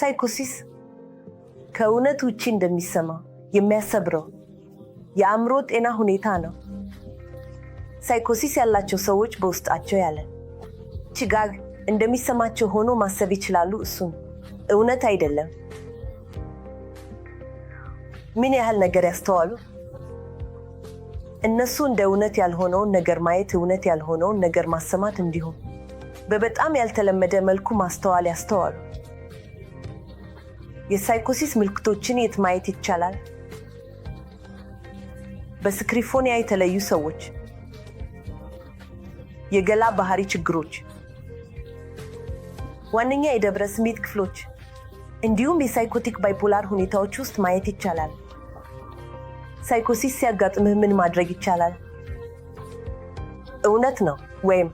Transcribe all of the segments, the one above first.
ሳይኮሲስ ከእውነት ውጪ እንደሚሰማ የሚያሰብረው የአእምሮ ጤና ሁኔታ ነው። ሳይኮሲስ ያላቸው ሰዎች በውስጣቸው ያለ ችጋግ እንደሚሰማቸው ሆኖ ማሰብ ይችላሉ። እሱም እውነት አይደለም። ምን ያህል ነገር ያስተዋሉ? እነሱ እንደ እውነት ያልሆነውን ነገር ማየት፣ እውነት ያልሆነውን ነገር ማሰማት፣ እንዲሁም በበጣም ያልተለመደ መልኩ ማስተዋል ያስተዋሉ። የሳይኮሲስ ምልክቶችን የት ማየት ይቻላል? በስክሪፎኒያ የተለዩ ሰዎች፣ የገላ ባህሪ ችግሮች፣ ዋነኛ የደብረ ስሜት ክፍሎች እንዲሁም የሳይኮቲክ ባይፖላር ሁኔታዎች ውስጥ ማየት ይቻላል። ሳይኮሲስ ሲያጋጥምህ ምን ማድረግ ይቻላል? እውነት ነው ወይም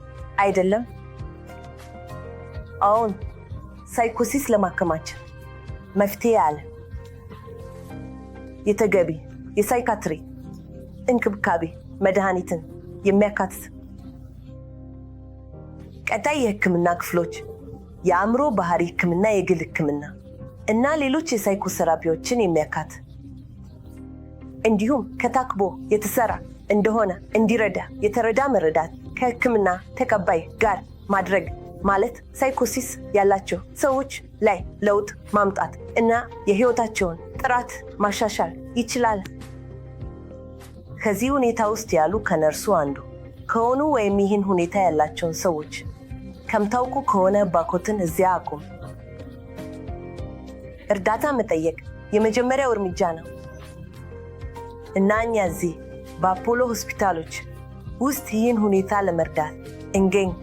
አይደለም? አዎን፣ ሳይኮሲስ ለማከማቸት መፍትሄ አለ የተገቢ የሳይካትሪ እንክብካቤ መድኃኒትን የሚያካትት ቀጣይ የህክምና ክፍሎች የአእምሮ ባህሪ ህክምና፣ የግል ህክምና እና ሌሎች የሳይኮሰራፒዎችን የሚያካትት እንዲሁም ከታክቦ የተሰራ እንደሆነ እንዲረዳ የተረዳ መረዳት ከህክምና ተቀባይ ጋር ማድረግ ማለት ሳይኮሲስ ያላቸው ሰዎች ላይ ለውጥ ማምጣት እና የህይወታቸውን ጥራት ማሻሻል ይችላል። ከዚህ ሁኔታ ውስጥ ያሉ ከነርሱ አንዱ ከሆኑ ወይም ይህን ሁኔታ ያላቸውን ሰዎች ከምታውቁ ከሆነ ባኮትን እዚያ አቁም። እርዳታ መጠየቅ የመጀመሪያው እርምጃ ነው እና እኛ እዚህ በአፖሎ ሆስፒታሎች ውስጥ ይህን ሁኔታ ለመርዳት እንገኝ።